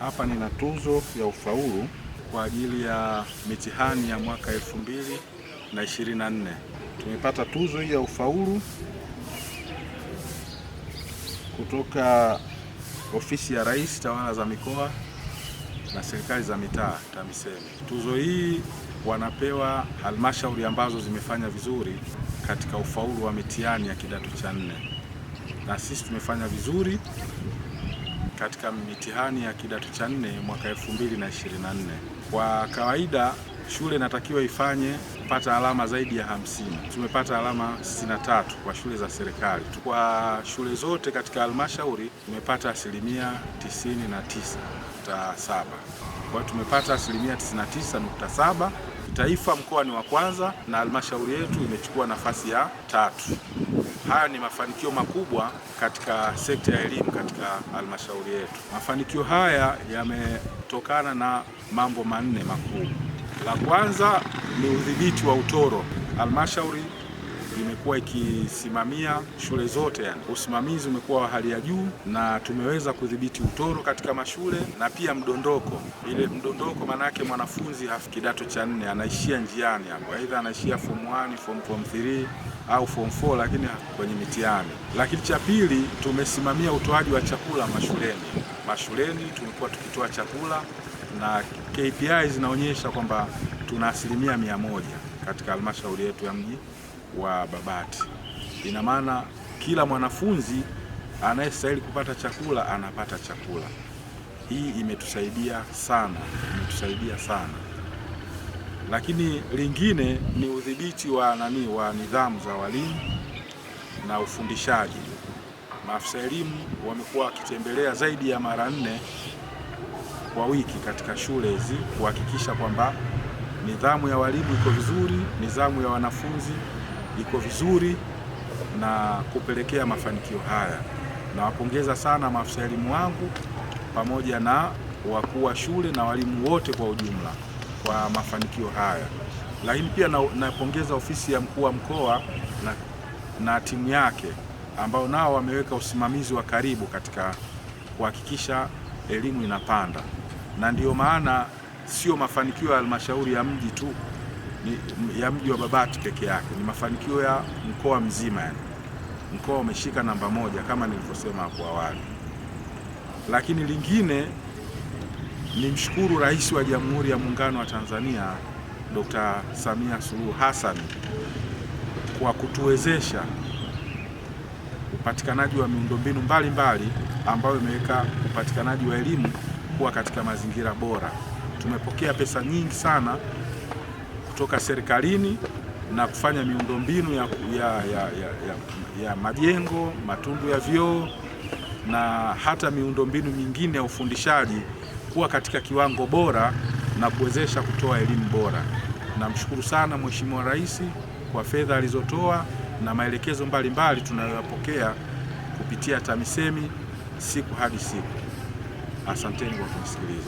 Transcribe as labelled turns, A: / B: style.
A: Hapa nina tuzo ya ufaulu kwa ajili ya mitihani ya mwaka 2024. Tumepata tuzo hii ya ufaulu kutoka ofisi ya Rais, tawala za mikoa na serikali za mitaa TAMISEMI. Tuzo hii wanapewa halmashauri ambazo zimefanya vizuri katika ufaulu wa mitihani ya kidato cha nne, na sisi tumefanya vizuri katika mitihani ya kidato cha nne mwaka 2024. Kwa kawaida shule inatakiwa ifanye kupata alama zaidi ya hamsini. Tumepata alama 63 kwa shule za serikali. Kwa shule zote katika halmashauri tumepata asilimia 99.7. Kwa tumepata asilimia 99.7. Taifa mkoa ni wa kwanza na halmashauri yetu imechukua nafasi ya tatu. Haya ni mafanikio makubwa katika sekta ya elimu katika halmashauri yetu. Mafanikio haya yametokana na mambo manne makuu. La kwanza ni udhibiti wa utoro halmashauri imekuwa ikisimamia shule zote yani. Usimamizi umekuwa wa hali ya juu na tumeweza kudhibiti utoro katika mashule na pia mdondoko. Ile mdondoko maana yake mwanafunzi hafi kidato cha nne anaishia njiani hapo, aidha anaishia form 1, form form 3 au form 4 lakini kwenye mitihani. Lakini cha pili, tumesimamia utoaji wa chakula mashuleni. Mashuleni tumekuwa tukitoa chakula na KPI zinaonyesha kwamba tuna asilimia mia moja katika halmashauri yetu ya mji wa Babati. Ina maana kila mwanafunzi anayestahili kupata chakula anapata chakula. Hii imetusaidia sana, imetusaidia sana. Lakini lingine ni udhibiti wa nani, wa nidhamu za walimu na ufundishaji. Maafisa elimu wamekuwa wakitembelea zaidi ya mara nne kwa wiki katika shule hizi kuhakikisha kwamba nidhamu ya walimu iko vizuri, nidhamu ya wanafunzi iko vizuri na kupelekea mafanikio haya. Nawapongeza sana maafisa elimu wangu pamoja na wakuu wa shule na walimu wote kwa ujumla kwa mafanikio haya, lakini pia napongeza na ofisi ya mkuu wa mkoa na, na timu yake ambao nao wameweka usimamizi wa karibu katika kuhakikisha elimu inapanda, na ndiyo maana sio mafanikio ya halmashauri ya mji tu ni, ya mji wa Babati peke yake ni mafanikio ya mkoa mzima yani. Mkoa umeshika namba moja kama nilivyosema hapo awali, lakini lingine ni mshukuru Rais wa Jamhuri ya Muungano wa Tanzania Dr. Samia Suluhu Hassan kwa kutuwezesha upatikanaji wa miundombinu mbalimbali ambayo imeweka upatikanaji wa elimu kuwa katika mazingira bora. Tumepokea pesa nyingi sana kutoka serikalini na kufanya miundombinu ya, ya, ya, ya, ya, ya majengo, matundu ya vyoo na hata miundombinu mingine ya ufundishaji kuwa katika kiwango bora na kuwezesha kutoa elimu bora. Namshukuru sana Mheshimiwa Rais kwa fedha alizotoa na maelekezo mbalimbali tunayoyapokea kupitia TAMISEMI siku hadi siku. Asanteni kwa kunisikiliza.